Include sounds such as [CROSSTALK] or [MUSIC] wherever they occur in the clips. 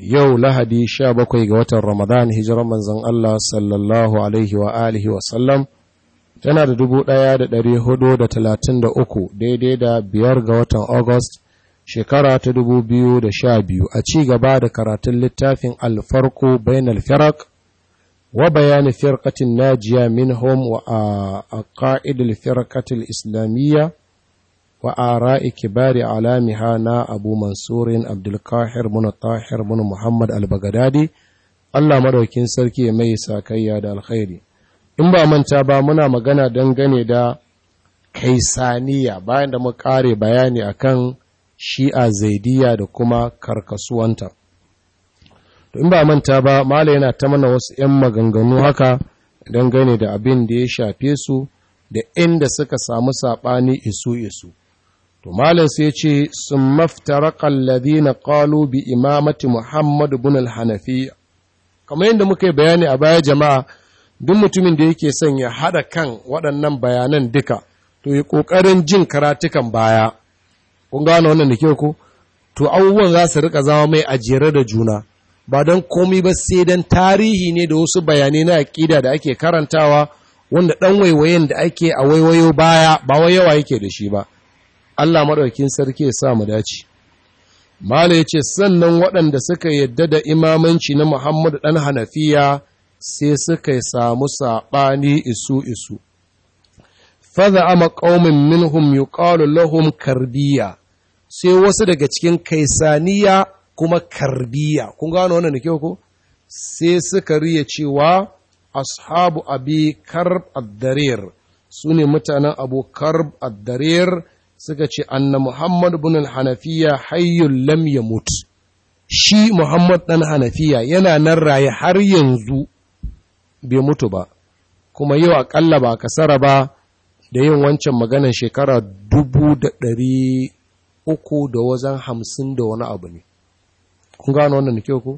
yau lahadi sha bakwai ga watan ramadan hijiran manzan Allah sallallahu alaihi wa alihi wasallam tana da da talatin uku daidai da biyar ga watan august shekara ta dubu biyu da sha biyu, a ci gaba da karatun littafin alfarko bainal firak wa bayani firkatin najiya Home wa a ƙa'idar firkatin islamiyya wa ikibari kibari alamiha na abu mansurin abdulkahir muna tahir muna muhammad albagadadi allah madaukin sarki mai sakayya da alkhairi in ba manta ba muna magana dangane da kaisaniya bayan da mu kare bayani akan shi'a zaidiya da kuma karkasuwanta to in ba manta ba mala yana ta mana wasu 'yan maganganu haka dangane da abin da ya shafe su da inda suka samu saɓani isu isu to malam sai ya ce sun maftaraka alladhina qalu bi imamati Muhammadu bin al-hanafiya kamar yadda muka yi bayani a baya jama'a duk mutumin da yake son ya haɗa kan waɗannan bayanan duka to yi ƙoƙarin jin karatukan baya kun gane wannan da ke ko to abubuwan za su rika zama mai ajiyar da juna ba don komi ba sai don tarihi ne da wasu bayanai na aƙida da ake karantawa wanda ɗan waiwayen da ake a waiwayo baya ba wai yawa yake da shi ba Allah maɗaukin sarki ya sa mu dace mala yace sannan waɗanda suka yadda da imamanci na muhammadu ɗan hanafiya sai suka samu saɓani isu isu faza ama ƙaumin minhum yuqalu lahum karbiya sai wasu daga cikin kaisaniya kuma karbiya kun gano wannan da kyau ko sai suka riya cewa ashabu abi karb ad-darir su ne mutanen abu karb ad-darir suka ce anna Muhammadu bin hanafiya hayyun lam mutu. shi Muhammad dan hanafiya yana nan raye har yanzu bai mutu ba kuma yau akalla ba kasara ba da yin wancan maganar shekara dubu da ɗari uku da wazan hamsin da wani abu ne kun gano wannan da kyau ku?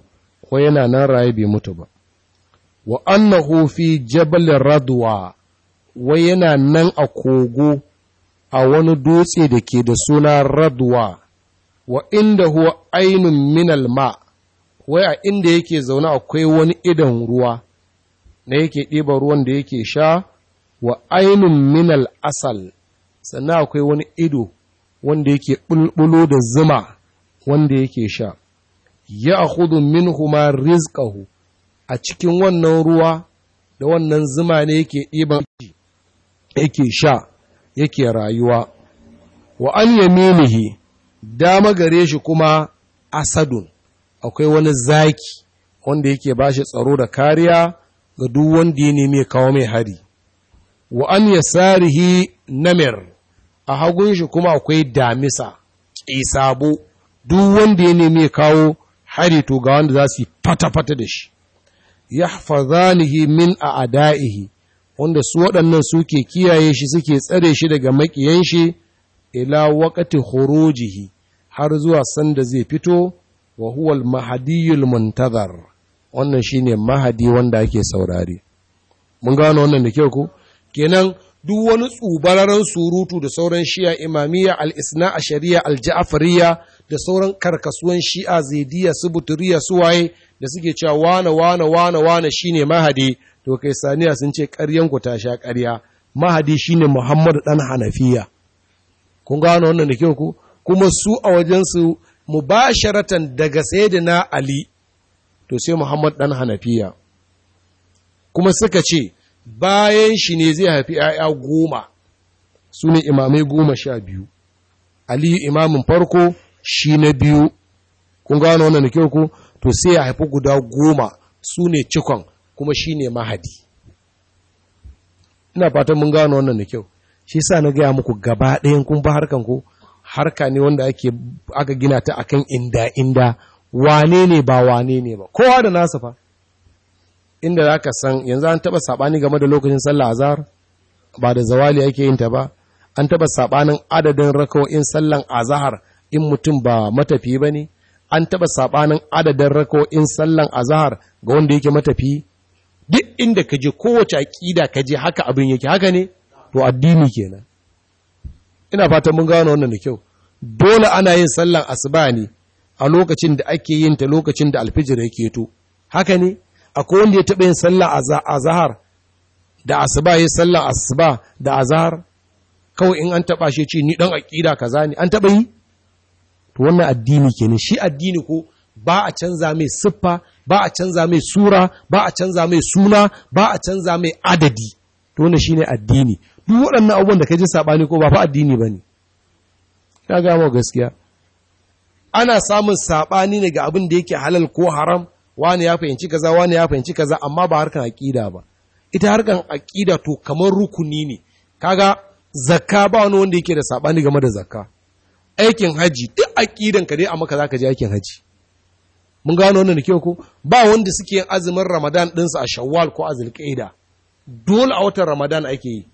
ko yana nan raye bai mutu ba wa annahu fi jabal radwa wai yana nan a kogo a wani dutse da ke da suna radwa wa inda huwa ainun minal ma wai a inda yake zaune akwai wani idan ruwa na yake ɗiba ruwan da yake sha wa ainun minal asal sannan akwai wani ido wanda yake ɓulɓulo da zuma wanda yake sha ya min minhuma rizkahu a cikin wannan ruwa da wannan zuma ne yake ɗiban yake sha yake rayuwa wa an yaminihi dama gare shi kuma asadun akwai wani zaki wanda yake ba shi tsaro da kariya ga duk wanda ya nemi kawo mai hari wa an yasarihi namir a hagun shi kuma akwai damisa ƙisabo duk wanda ya nemi kawo hari to ga wanda za su yi fata-fata da shi ya min a ada'ihi wanda su waɗannan suke kiyaye shi suke tsare shi daga makiyan shi ila wakati horojihi har zuwa sanda zai fito wa huwal mahadiyul muntazar wannan shine mahadi wanda ake saurare mun gano wannan da kyau ko kenan duk wani tsubararen surutu da sauran shi'a imamiyya al-isna ashariya al jafariya da sauran karkasuwan shi'a zaidiyya subuturiya suwaye da suke cewa wane wane wane wane shine mahadi to kai saniya sun ce ƙaryanku ta sha ƙarya mahadi shine muhammadu ɗan hanafiya kun gano wannan da kyau ku kuma su a wajensu mubasharatan daga na ali to sai muhammad ɗan hanafiya kuma suka ce bayan shi ne zai haifi ‘ya'ya goma su ne imamai goma sha biyu ali imamin farko shi na biyu kun gano wannan da kyau ku to sai ya haifi guda goma su ne cikon kuma shi ne mahadi ina fatan mun gano wannan da kyau shi sa na gaya muku gaba ɗayan kun ba harkan ko harka ne wanda ake aka gina ta akan inda inda wane ne ba wane ne ba kowa da nasa fa inda za ka san yanzu an taɓa saɓani game da lokacin sallah azhar ba da zawali ake yin ta ba an taɓa saɓanin adadin rakawo'in sallan azahar in mutum ba matafi ba ne an taɓa saɓanin adadin rakawo'in sallan azahar ga wanda yake matafi duk inda ka je kowace aƙida ka je haka abin yake haka ne to addini kenan ina fatan mun gano wannan da kyau dole ana yin sallan asuba ne a lokacin da ake yin ta lokacin da alfijir yake to haka ne akwai wanda ya taɓa yin sallah a zahar da asuba ya sallah asuba da azahar kawai in an taɓa shi ce ni ɗan aƙida kaza ne an taɓa yi to wannan addini kenan shi addini ko ba a canza mai siffa ba a canza mai sura ba a canza mai suna ba a canza mai adadi to wannan shine addini duk waɗannan abubuwan da ka je sabani ko ba fa addini bane ina ga mu gaskiya ana samun sabani ne ga abin da yake halal ko haram wani ya fahimci kaza wani ya fahimci kaza amma ba harkan aqida ba ita harkan aqida to kamar rukuni ne kaga zakka ba wani wanda yake da sabani game da zakka aikin haji duk aqidan ka dai amma kaza ka je aikin haji mun gano wannan da kyau ko ba wanda suke yin azumin ramadan ɗinsu a shawwal ko a zulƙaida dole a watan ramadan ake yi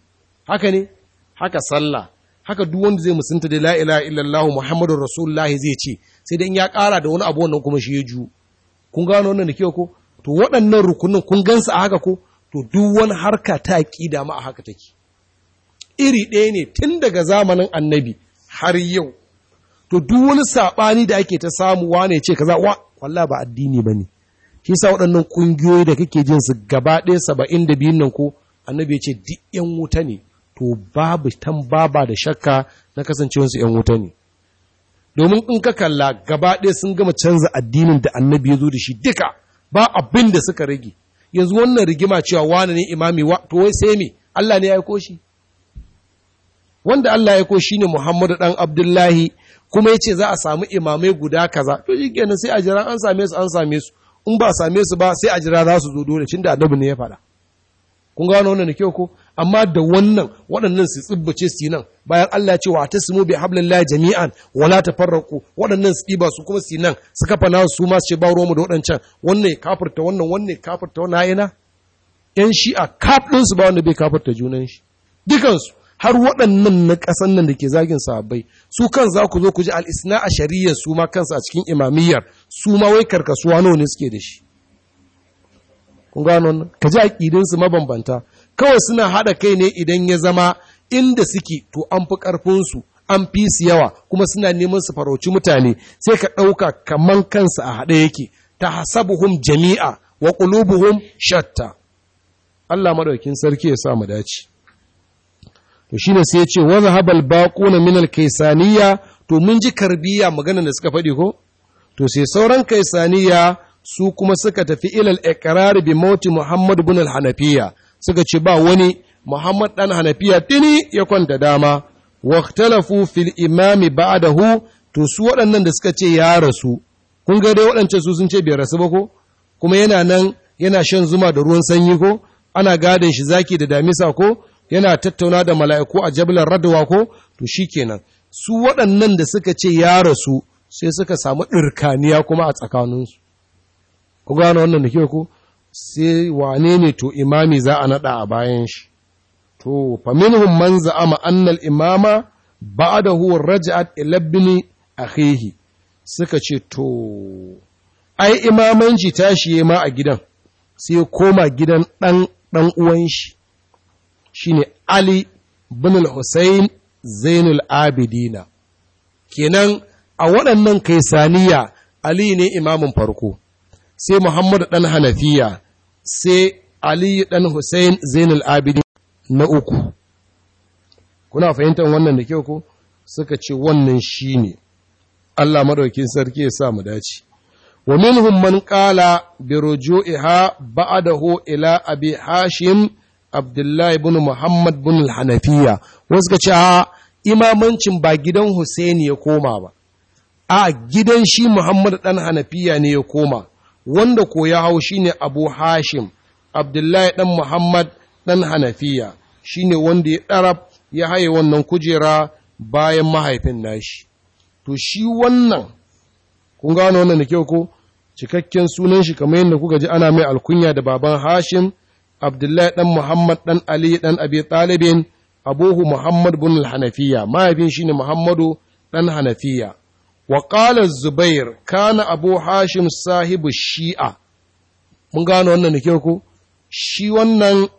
haka ne haka sallah haka duk wanda zai musunta da la ilaha illallah muhammadur rasulullahi zai ce sai dan ya ƙara da wani abu wannan kuma shi ya ju kun gano wannan da kyau ko to waɗannan rukunin kun gansa a haka ko to duk wani harka ta aƙida ma a haka take iri ɗaya ne tun daga zamanin annabi har yau to duk wani saɓani da ake ta samu wane ce kaza wa wallah ba addini ba ne shi sa waɗannan ƙungiyoyi da kake jin su gaba ɗaya saba'in da biyun nan ko annabi ya ce duk yan wuta ne to babu tambaba da shakka na kasancewarsu yan wuta ne domin in ka kalla gaba ɗaya sun gama canza addinin da annabi ya zo da shi duka ba abin da suka rage yanzu wannan rigima cewa wane ne imami wa to wai sai me Allah ne ya yi koshi? wanda Allah ya ko shi ne Muhammadu ɗan Abdullahi kuma ya ce za a samu imamai guda kaza to shikenan sai a jira an same su an same su in ba a same su ba sai a jira za su zo dole cin da adabu ne ya faɗa kun gano wannan kyau ko amma da wannan waɗannan su tsibbace su nan bayan Allah ya ce wa tasmu bi hablillahi jami'an wala ta tafarraqu waɗannan su ɗiba su kuma su nan su kafa na su ma su ce ba mu da waɗancan wannan ya kafirta wannan wannan ya kafirta wannan yana yan a kaf ɗinsu ba wanda bai kafarta junan shi dukansu har waɗannan na ƙasan nan da ke zagin sahabbai su kan za ku zo ku ji al'isna a shari'ar su ma kansu a cikin imamiyyar su ma wai karkasuwa nawa ne suke da shi kun gano nan ka ji aƙidinsu mabambanta kawai suna haɗa kai ne idan ya zama inda suke to an fi ƙarfinsu an fi su yawa kuma suna neman su farauci mutane sai ka ɗauka kaman kansu a haɗe yake ta hasabuhum jami'a wa ƙulubuhum shatta Allah maɗaukin sarki ya sa mu dace to ne sai ya ce wani habal baƙuna minal kaisaniya to mun ji karbiya magana da suka faɗi ko to sai sauran kaisaniya su kuma suka tafi ilal ikrari bi mauti muhammad bin al-hanafiya suka ce ba wani muhammad dan hanafiya tini ya kwanta dama waqtalafu fil imami ba'dahu to su waɗannan da suka ce ya rasu kun ga dai waɗancan su sun ce bai rasu ba ko kuma yana nan yana shan zuma da ruwan sanyi ko ana gadin shi zaki da damisa ko yana tattauna da mala'iku a jabilar radawa ko to kenan, su waɗannan da suka ce ya rasu sai suka samu ɗirkaniya kuma a tsakaninsu ku gano wannan da ke ku? sai wane ne to imami za a naɗa a bayan shi to fa minhum man za'ama annal imama ba'dahu raja'at ila ibni akhihi suka ce to ai imamanci tashi ma a gidan sai koma gidan ɗan ɗan uwan shi shine Ali bin al Zainul Abidina kenan a waɗannan kaisaniya Ali ne imamin farko sai Muhammadu ɗan Hanafiya sai Ali ɗan Hussein Zainul Abidina na uku kuna fahimtar wannan da kyau ko suka ce wannan shine Allah maɗauki sarki ya sa mu dace wa من قال qala بعده إلى أبي ila abi hashim abdullahi bin muhammad bin hanafiya wasu ka ce a imamancin ba gidan husaini ya koma ba a gidan shi muhammad dan hanafiya ne ya koma wanda ko ya hau shine abu hashim abdullahi dan muhammad dan hanafiya shine wanda ya ɗarab ya haye wannan kujera bayan mahaifin nashi to shi wannan kun gano wannan da kyau ko cikakken sunan shi kamar yadda kuka ji ana mai alkunya da baban hashim Abdullahi ɗan Muhammad ɗan Ali ɗan Abi Talibin, abuhu Muhammad bin Hanafiya, mahaifin shi ne Muhammadu ɗan Hanafiya. Wa ƙala Zubair, kana Abu Hashim sahibu shi'a. Mun gano wannan da kyau ku? Shi wannan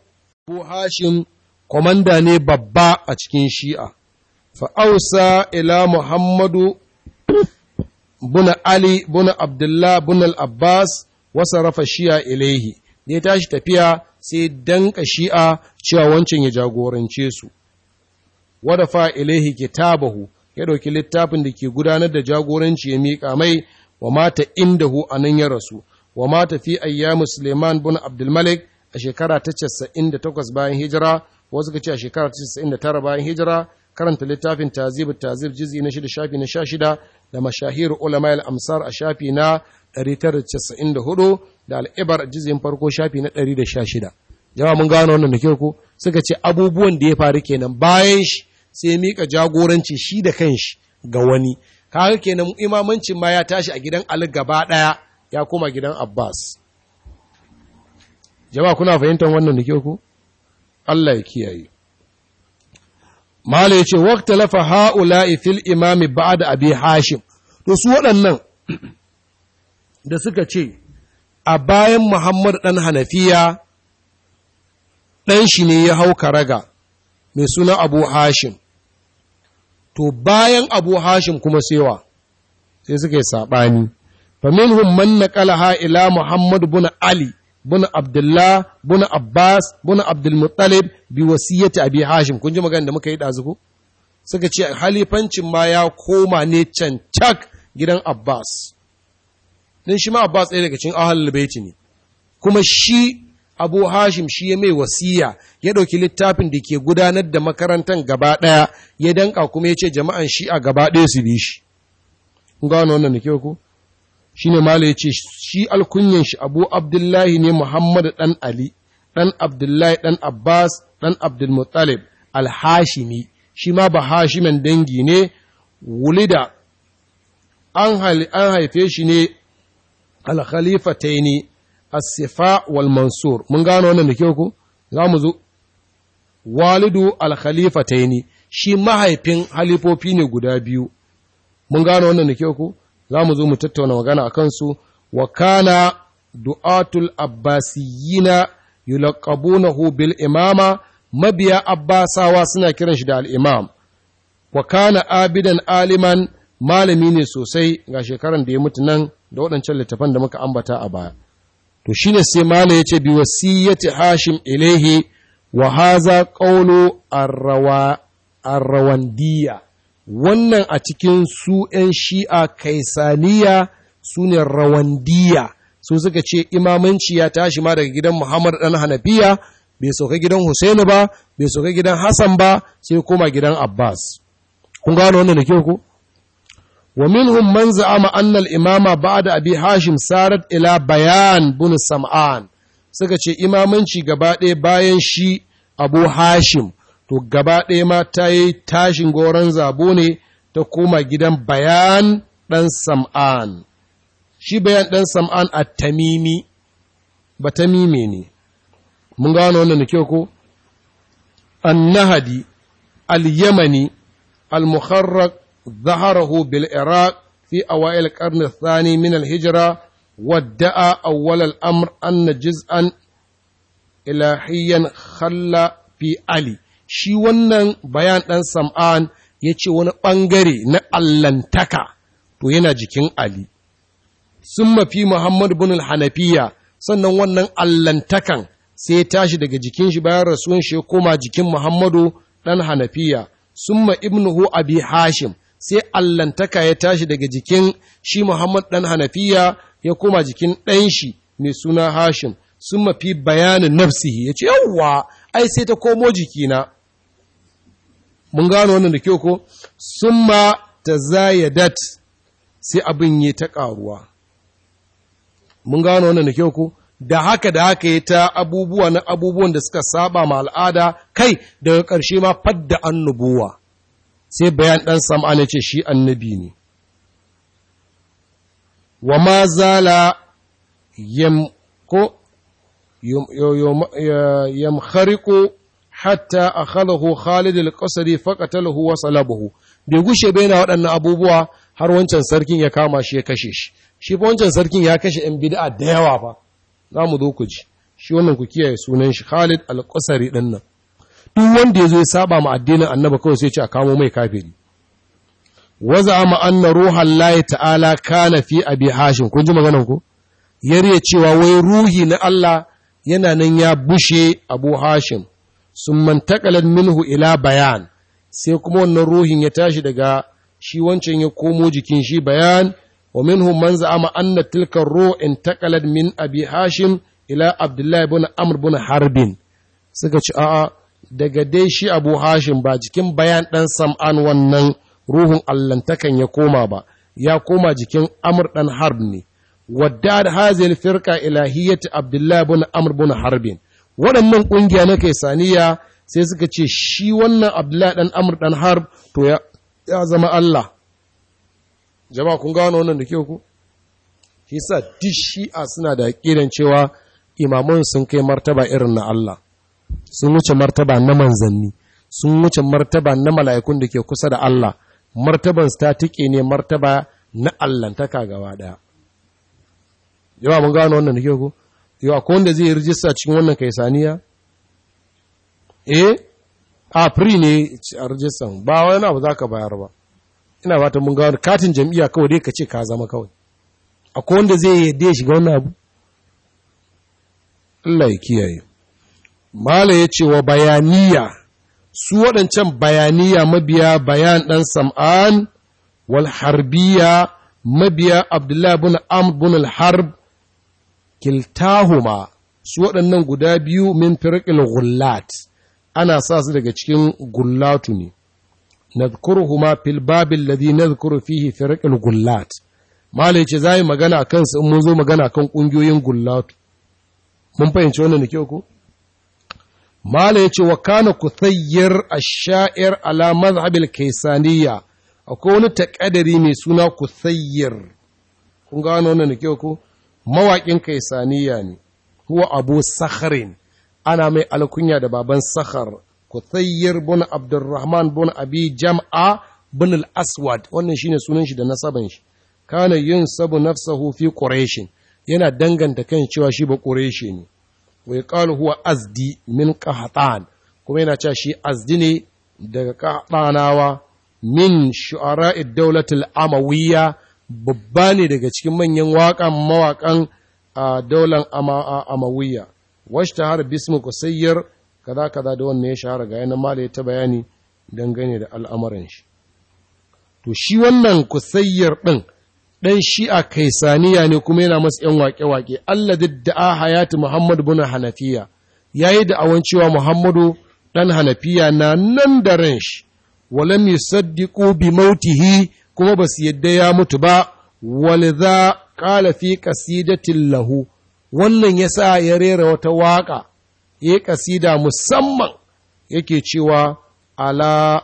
Abu Hashim komanda ne babba a cikin shi'a. Fa'ausa ila Muhammadu buna Ali buna Abdullah buna Abbas wasa rafa shi'a ilaihi. Ya tashi tafiya sai danka shi'a cewa wancan ya jagorance su wada fa ilaihi kitabahu ya ɗauki littafin da ke gudanar da jagoranci ya miƙa mai wa mata hu a nan ya rasu wa mata fi ayyamu Suleiman bin Abdulmalik a shekara ta 98 bayan hijira wasu ka ce a shekara ta 99 bayan hijira karanta littafin tazib tazib jizi na shida shafi na sha shida da mashahir ulama al-amsar a shafi na da al'ibar jizin farko shafi na 116 jama'a mun gano wannan da kyau suka ce abubuwan da ya faru kenan bayan shi sai mika jagoranci shi da kanshi ga wani kaga kenan imamancin ma ya tashi a gidan Ali gaba ɗaya, ya koma gidan Abbas jama'a kuna fahimtar wannan da kyau Allah ya kiyaye Mala ya ce, Wakta lafa ha'ula'i fil imami ba da abi Hashim, to su waɗannan [CLEARS THROAT] da suka ce, a bayan Muhammad ɗan Hanafiya ɗan shi ne ya hau karaga mai suna Abu Hashim, to bayan Abu Hashim kuma sewa sai suka yi saɓani, famin hun man naƙala ha’ila Muhammad buna Ali, buna Abdullah, buna Abbas, buna Abdulmuttalib bi wasiyyata Abi Hashim, kun ji magana da muka yi ku? Suka ce, halifancin ma ya koma ne can gidan Abbas. don shi ma Abbas ɗaya daga cikin ahal baiti ne kuma shi Abu Hashim shi ya mai wasiya ya ɗauki littafin da ke gudanar da makarantar gaba ɗaya ya danka kuma ya ce jama'an shi a gaba ɗaya su bi shi. Kun gano wannan da kyau ku? Shi ne Mala ya ce shi alkunyan shi Abu Abdullahi ne Muhammad ɗan Ali, ɗan Abdullahi ɗan Abbas ɗan Abdulmuttalib al-Hashimi, shi ma ba Hashimen dangi ne, wulida an haife shi ne al-khalifataini as-sifa wal mansur mun gano wannan da kyau ko zo walidu al-khalifataini shi mahaifin halifofi ne guda biyu mun gano wannan da kyau ko za mu zo mu tattauna magana akan su wa kana du'atul abbasiyina yulaqabunahu bil imama mabiya abbasawa suna kiran shi da al-imam wa kana abidan aliman malami ne sosai ga shekaran da ya mutu nan da waɗancan littafan da muka ambata a baya to shine sai mala ya ce bi wasiyyati hashim ilaihi wa haza qawlu rawandiya. wannan a cikin su ‘yan shi'a kaisaniya su ne rawandiya su suka ce imamanci ya tashi ma daga gidan muhammad ɗan hanafiya bai sauka gidan husainu ba bai sauka gidan hassan ba sai koma gidan abbas kun gano wannan da ke ku wa minhum man za'ama anna al-imama ba'da abi hashim sarat ila bayan sam'an suka ce imamanci gaba ɗaya bayan shi abu hashim to gaba ɗaya ma ta yi tashin goron zabo ne ta koma gidan bayan ɗan sam'an shi bayan ɗan sam'an a tamimi ba ne mun gano wannan da kyau ko annahadi al-yamani al muharrak ظهره بالعراق في أوائل القرن الثاني من الهجرة وادعى أول الأمر أن جزءا إلهيا خلى في علي shi wannan bayan ɗan sam'an ya ce wani ɓangare na allantaka to yana jikin Ali. Sun mafi muhammadu bin hanafiya sannan wannan allantakan sai ya tashi daga jikin shi bayan rasuwan shi ya koma jikin Muhammadu ɗan hanafiya. Sun ma ibnuhu abi Hashim sai allantaka ya tashi daga jikin shi Muhammad ɗan Hanafiya ya koma jikin ɗan shi mai suna Hashim sun mafi bayanin nafsihi ya ce yawwa ai sai ta komo jikina mun gano wannan da kyau ko sun ma ta zayadat sai abin yi ta ƙaruwa mun gano wannan da kyau ko da haka da haka ya ta abubuwa na abubuwan da suka saba ma al'ada kai daga ƙarshe ma fadda annubuwa sai bayan ɗan samani ce shi annabi ne wa ma zala yam ko hatta hatta akhalahu Khalid faka qasri faqatalahu wa salabahu bai gushe bai na waɗannan abubuwa har wancan sarkin ya kama shi ya kashe shi shi fa wancan sarkin ya kashe 'yan bid'a da yawa fa za mu zo ku ji shi wannan ku kiyaye sunan shi Khalid al-Qasri dinnan duk wanda ya zo ya saba ma addinin annaba kawai sai ce a kamo mai kafiri waza ma anna ruhan lahi ta'ala kana fi abi hashim kun ji maganan ku yare cewa wai ruhi na Allah yana nan ya bushe abu hashim sun mantakalar minhu ila bayan sai kuma wannan ruhin ya tashi daga shi wancan ya komo jikin shi bayan wa minhu man za'ama anna tilka ruh intaqalat min abi hashim ila abdullahi ibn amr ibn harbin suka ci a'a daga dai shi abu hashim ba jikin bayan ɗan sam'an wannan ruhun allantakan ya koma ba ya koma jikin amur ɗan harb ne wadda da hazil firka ilahiyyati abdullahi bin amur bin harbin waɗannan ƙungiya na kai Saniya sai suka ce shi wannan abdullahi ɗan amur ɗan harb to ya zama allah jama'a kun gano wannan da ke ku shi duk shi'a suna da ƙiran cewa imamun sun kai martaba irin na allah sun wuce martaba na manzanni sun wuce martaba na mala'ikun da ke kusa da Allah martaban ta tike ne martaba na allantaka gaba daya yawa mun gano wannan da ke ku yawa ko wanda zai rijista cikin wannan kaisaniya eh a free ne a rijistan ba wani abu za ka bayar ba ina fata mun gano katin jam'iyya kawai dai ka ce ka zama kawai akwai wanda zai yadda ya shiga wannan abu Allah ya kiyaye Mala ya ce wa bayaniya, su waɗancan bayaniya mabiya bayan ɗan sam'an, wal harbiya mabiya Abdullah bin Amr bin al-Harb, kiltahuma su waɗannan guda biyu min firkil gullat, ana sa su daga cikin gullatu ne. Nazkuruhuma fil babin ladhi nazkuru fihi firƙil gullat. Mala ya ce za yi magana kansu in mun zo magana kan ƙungiyoyin gullatu. Mun fahimci wannan da kyau ko? Mala ya ce wa kana a sha’ir ala mazhabil kaisaniya akwai wani taƙadari mai suna tsayyar, kun gano wannan da ku, mawaƙin kaisaniya ne huwa abu sakharin ana mai alkunya da baban sakhar tsayyar bin abdurrahman bin abi jam'a bin al-aswad wannan ne sunan shi da nasaban shi kana yin sabu nafsahu fi quraishin yana danganta kan cewa shi ba quraishi ne wa yaqalu huwa azdi min qahtan kuma yana cewa shi azdi ne daga qahtanawa min shu'ara dawlatil amawiyya babba ne daga cikin manyan waƙan mawaƙan a daular amawiyya wasu ta har bismu sayyar kaza kaza da wannan ya shahara ga yanar mala ta bayani dangane da al'amuran shi to shi wannan ku sayyar ɗin ɗan shi'a kaisaniya ne kuma yana masu ‘yan waƙe-waƙe, Allah da'a hayati Muhammadu bin Hanafiya, ya yi da'awan cewa Muhammadu ɗan Hanafiya na nan da ran shi, walam yusaddiqu bi mautihi kuma ba su yadda ya mutu ba, za qala fi ƙasidatin lahu, wannan ya sa ya rera wata waƙa, ya ƙasida musamman yake cewa ala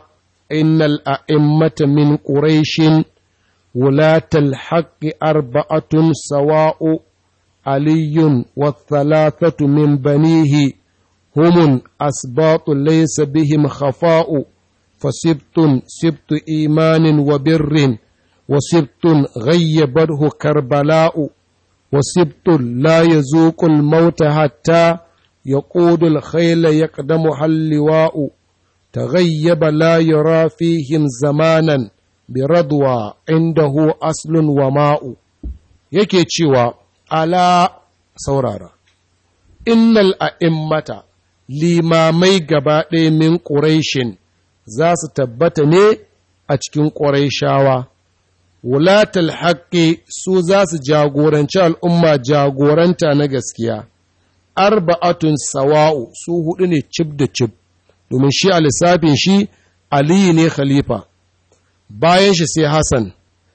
innal a'immata min quraishin wulatal haƙƙi arba'atun sawa'u aliyun wa thalathatu min banihi هم أسباط ليس بهم خفاء فسبت سبت إيمان وبر وسبت غيبته كربلاء وسبت لا يزوق الموت حتى يقود الخيل يقدمها اللواء تغيب لا يرى فيهم زمانا Biradwa inda indahu aslun wa ma'u yake cewa ala saurara innal a'immata limamai gaba ɗaya min ƙuraishin za su tabbata ne a cikin ƙuraishawa wulatul haƙƙi su za su jagoranci al'umma jagoranta na gaskiya arba'atun sawa'u su huɗu ne cib da cib domin shi a lissafin shi aliyu ne khalifa bayan shi sai Hassan,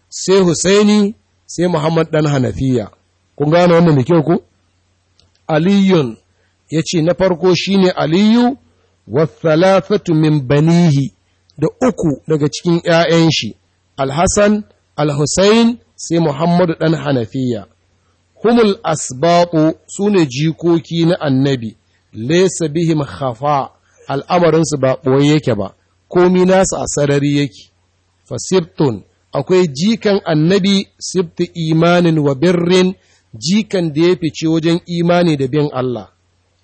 sai Husaini, sai Muhammad ɗan Hanafiya. Kun gane wannan da kyau ku? Aliyun ya ce na farko shi ne Aliyu wa thalathatu min banihi da uku daga cikin ‘ya'yan shi, al Alhussain, sai Muhammadu ɗan Hanafiya. Humul asbaɓo su ne jikoki na annabi, laisa bihim khafa al'amarinsu ba ɓoye yake ba, komi nasu a sarari yake. Wasibtun akwai jikan annabi sibti imanin wa birrin jikan da ya fice wajen imani da bin Allah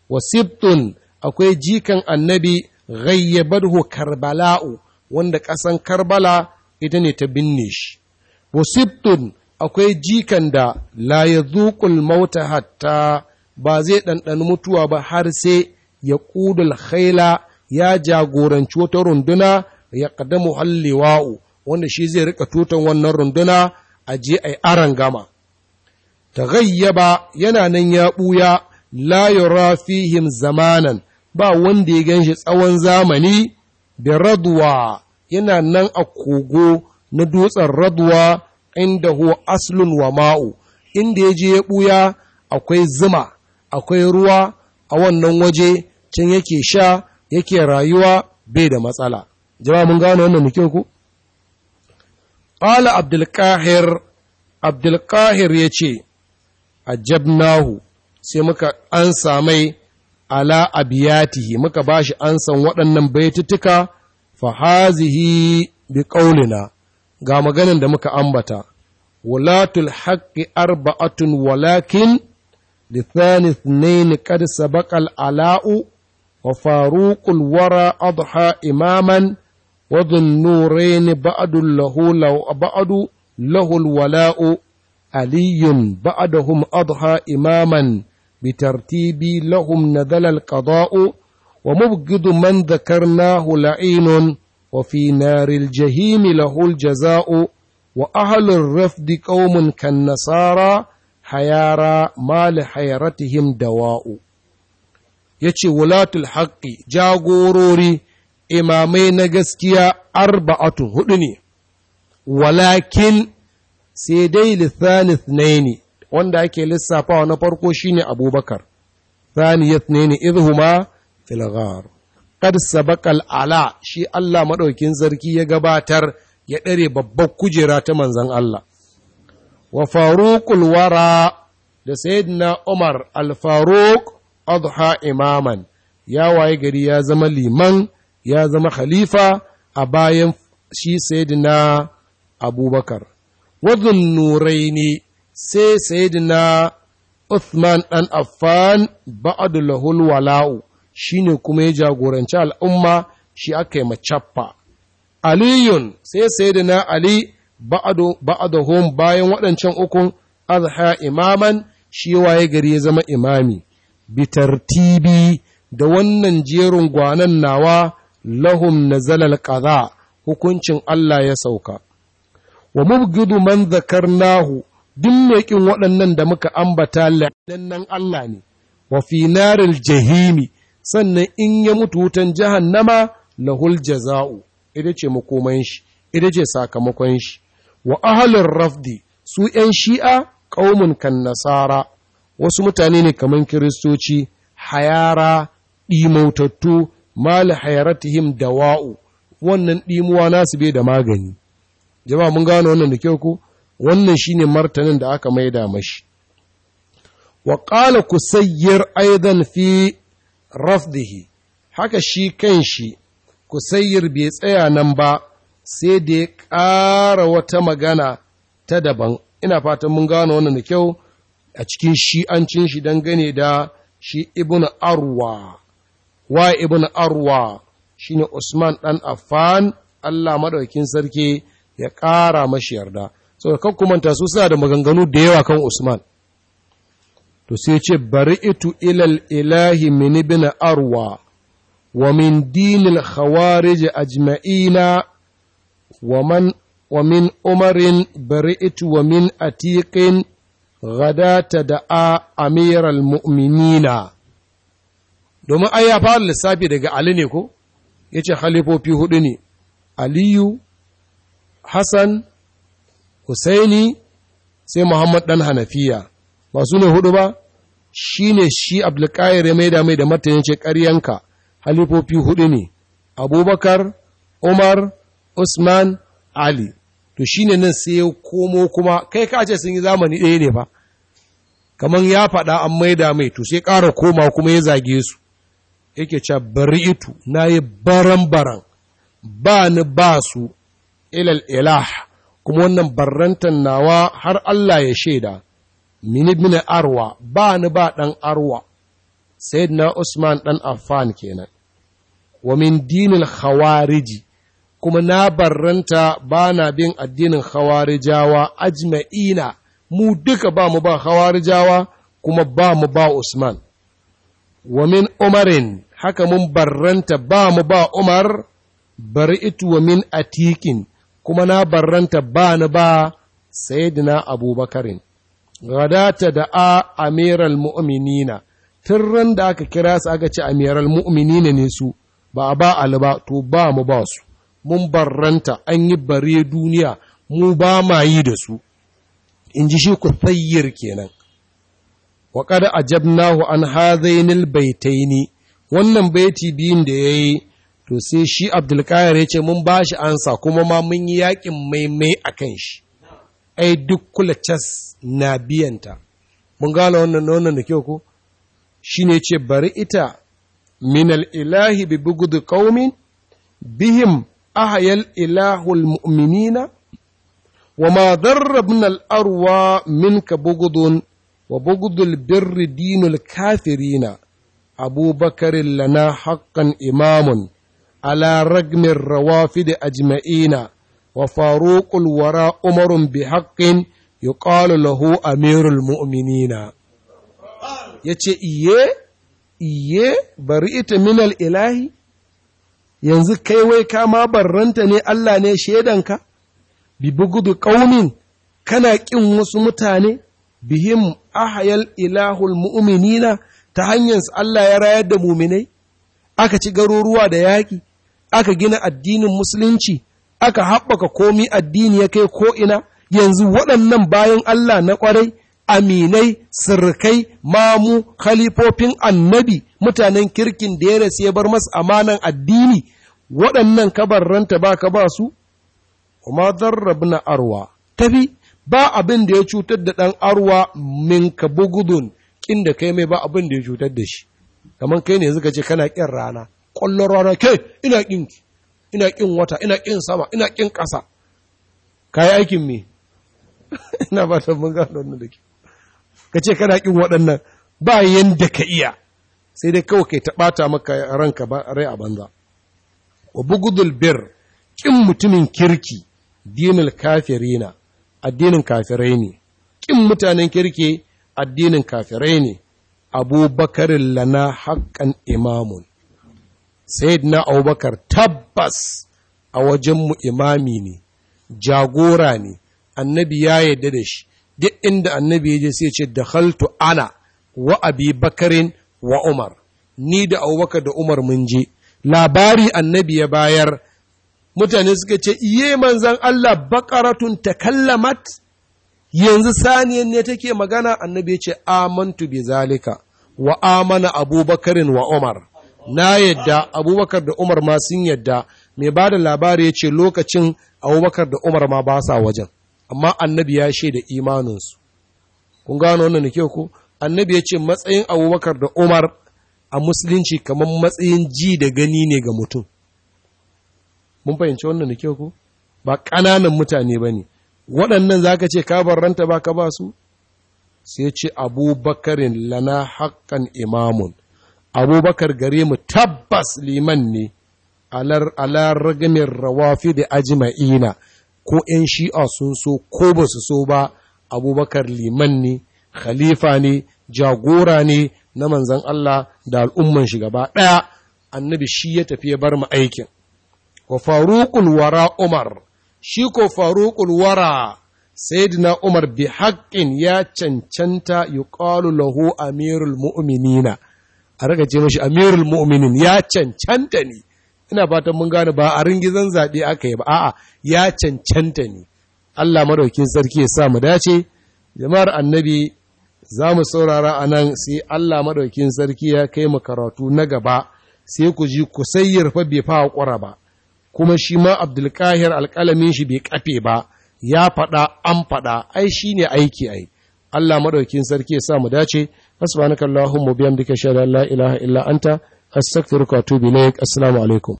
Wasibtun akwai jikan annabi ghayyabarhu karbala'u wanda ƙasan karbala ita ne ta binne shi wa akwai jikan da la ya zuƙul mauta hatta ba zai ɗanɗana mutuwa ba har sai ya ƙudul khaila ya jagoranci wata runduna ya ƙadamu halliwa'u wanda shi zai rika tutan wannan runduna a je a yi aran gama ta gayyaba yana nan ya ɓuya layura rafihim fihim zamanan ba wanda ya shi tsawon zamani da raduwa yana nan a kogo na dutsen raduwa inda huwa aslun wa ma'u inda ya je ya ɓuya akwai zuma akwai ruwa a wannan waje can yake sha yake rayuwa bai da matsala jama'a mun gano wannan muke ku ƙala abdulkahir abdulkahir ya ce ajabnahu sai muka ansa mai ala abiyatihi muka ba shi ansan waɗannan baitutuka fahazihi bi ƙaulina ga maganin da muka ambata wulatul haƙƙi arba'atun walakin لثاني اثنين قد ala'u العلاء وفاروق wara أضحى imaman. wadun nuraini ba'adun lahu ba'adu lahul wala'u aliyun ba'adahum adha imaman bitartibi lahum nadala alqada'u wa mubghidu man dhakarnahu la'inun wa fi jahimi lahul jaza'u wa ahlur rafdi qaumun kan nasara hayara mali hayaratihim dawa'u ya ce wulatul haƙƙi jagorori imamai na gaskiya arba'atu hudu ne walakin sai dai lithalith ne wanda ake lissafawa na farko shi ne abubakar thaniyat ne ne idhuma fil ghar qad ala shi Allah maɗaukin sarki ya gabatar ya ɗare babbar kujera ta manzan Allah wa faruqul wara da sayyidina Umar al-Faruq adha imaman ya waye gari ya zama liman ya zama khalifa a bayan shi sayidina abubakar wadun nurai ne sai sayidina Uthman ɗan Affan ba'adu lahul wala'u shi ne kuma ya jagoranci al'umma shi aka yi macappa. Aliyun sai sayidina Ali ba'aduhum bayan waɗancan ukun azha imaman shi waye gari ya zama imami. Bitartibi da wannan jerin gwanan nawa lahum nazalal ƙaza hukuncin Allah ya sauka wa mubgidu man Nahu, duk mai kin waɗannan da muka ambata la'annan Allah ne wa fi naril jahimi sannan in ya mutu wutan jahannama lahul jaza'u Ida ce makoman shi Ida ce sakamakon shi wa ahlur rafdi su ‘yan shi'a ƙaumin kan nasara wasu mutane ne kamar kiristoci hayara ɗimautattu mal da dawa'u wannan ɗimuwa nasu bai da magani jama'a mun gano wannan da kyau ko wannan shine martanin da aka maida mashi wa qala kusayyir aidan fi rafdihi haka shi kan shi kusayyir bai tsaya nan ba sai da ya ƙara wata magana ta daban ina fatan mun gano wannan da kyau a cikin shi'ancin shi dangane da shi ibn arwa wa ibn arwa shine usman ɗan affan Allah madaukin sarki ya ƙara mashi yarda saboda kan kumanta su suna da maganganu da yawa kan usman to sai ce bari itu ilal ilahi min ibn arwa wa min dinil khawarij ajma'ina wa man wa min umarin bari itu wa min atiqin غداة دعا أمير المؤمنين domin ai ya fara lissafi daga Ali ne ko ya ce halifofi hudu ne Aliyu Hassan Hussaini, sai Muhammad dan Hanafiya ba su ne hudu ba shi ne shi Abdulkair ya maida mai da martanin ce ƙaryanka halifofi hudu ne Abubakar Umar Usman Ali to shine nan sai ya komo kuma kai ka ce sun yi zamani ɗaya ne ba kamar ya faɗa an maida mai to sai ƙara koma kuma ya zage su yake cewa bari itu na yi baran-baran ba ni ba su ilal ilah kuma wannan barrantan nawa har Allah ya shaida mini mini arwa ba ni ba ɗan arwa na Usman ɗan Affan kenan wa min dinin khawariji kuma na barranta ba na bin addinin khawarijawa ajma'ina mu duka ba mu ba khawarijawa kuma ba mu ba Usman wa min umarin haka mun barranta ba mu ba Umar, bari ituwa min atikin, kuma na barranta ba ni ba sayidina abubakarin. Gadata da a amiral mu'minina, tun ran da aka kira su aka ci amiral mu'minina ne su, ba a ba alba to ba mu ba su, mun barranta an yi bare duniya mu ba ma yi da su, in ji shi ku tsayyar kenan. Wa kada ajabnahu an hazainil baitaini wannan baiti biyun da ya yi to sai shi abdulkayar ya ce mun ba shi ansa kuma ma mun yi yakin maimai a kan shi ai duk kula cas na biyanta mun gane wannan na wannan da kyau ko shi ne ce bari ita minal ilahi bi bugudu qaumin bihim ahayal ilahul mu'minina wa ma darrabna al arwa minka bugudun wa bugudul birri dinul kafirina abubakarin lana haƙƙan imamun ala ragmin rawafi da ajma'ina wa faruƙul wara umarun bi haƙƙin yuqalu lahu amirul mu'minina yace iye iye bari ita minal ilahi yanzu kai wai ka ma barranta ne Allah ne shaidanka bi bugudu qaumin kana ƙin wasu mutane bihim ahayal ilahul mu'minina ta hanyar Allah ya rayar da muminai aka ci garuruwa da yaƙi aka gina addinin musulunci aka haɓaka komi addini ya kai ko'ina yanzu waɗannan bayan Allah na ƙwarai aminai sirkai mamu khalifofin annabi mutanen kirkin da ya ya bar masu amanan addini waɗannan kabarranta ba ka ba su kuma na arwa tafi ba abin da ya cutar da ɗan arwa min ka bugudun kin da kai mai ba abin da ya cutar da shi kamar kai ne yanzu ka ce kana kin rana kwallon rana ke ina kin ina kin wata ina kin sama ina kin ƙasa kayi aikin me [LAUGHS] ina ba ta mun gano wannan da ke ka ce kana kin waɗannan ba yanda ka iya sai dai kawai kai ta ɓata maka ranka rai a banza wa bugudul bir kin mutumin kirki dinul kafirina addinin kafirai ne kin mutanen kirki addinin kafirai ne abubakarin lana haƙƙan imamun na abubakar tabbas a wajenmu imami ne jagora ne annabi ya yarda da shi duk inda annabi ya je sai ce da haltu ana wa abi bakarin wa umar ni da abubakar da umar mun je labari annabi ya bayar mutane suka ce iye manzan Allah bakaratun takallamat yanzu saniyan ne take magana annabi ya ce amantu bi zalika wa amana abubakarin wa umar na yadda abubakar da umar ma sun yadda mai ba da labari ya ce lokacin abubakar da umar ma ba sa wajen amma annabi ya shaida imaninsu kun gano wannan da ko annabi ya ce matsayin abubakar da umar a musulunci kamar matsayin ji da gani ne ga mutum mun fahimci wannan da ko ba ƙananan mutane ba ne waɗannan za ka ce ka barranta ba ka ba su sai ce abubakarin lana haƙƙan imamun abubakar gare mu tabbas liman ne alar ragamin rawafi da ajima'ina ko 'yan shi'a sun so ko ba su so ba abubakar liman ne khalifa ne jagora ne na manzan Allah da al'umman shi gaba ɗaya annabi shi ya tafi ya bar mu aikin wa faruqul wara umar shi ko faruƙul wara sayyidina umar bi haƙƙin ya cancanta ƙalu lahu amirul mu'minina a raga ce mashi amirul mu'minin ya cancanta ne ina fatan mun gane ba a ringizan zaɓe aka yi ba a'a ya cancanta ne Allah Maɗaukin sarki ya sa mu dace jama'ar annabi za mu saurara a nan sai Allah Maɗaukin sarki ya kai mu karatu na gaba sai ku ji ku sayyar fa bai fa ƙura ba kuma shi ma abdulkahir alƙalamin shi bai kafe ba ya faɗa an faɗa ai shi ne aiki ai Allah maɗaukin sarki ya sa mu dace subhanakallahumma bihamdika shalla la ilaha illa anta astaghfiruka wa atubu ilaik assalamu alaikum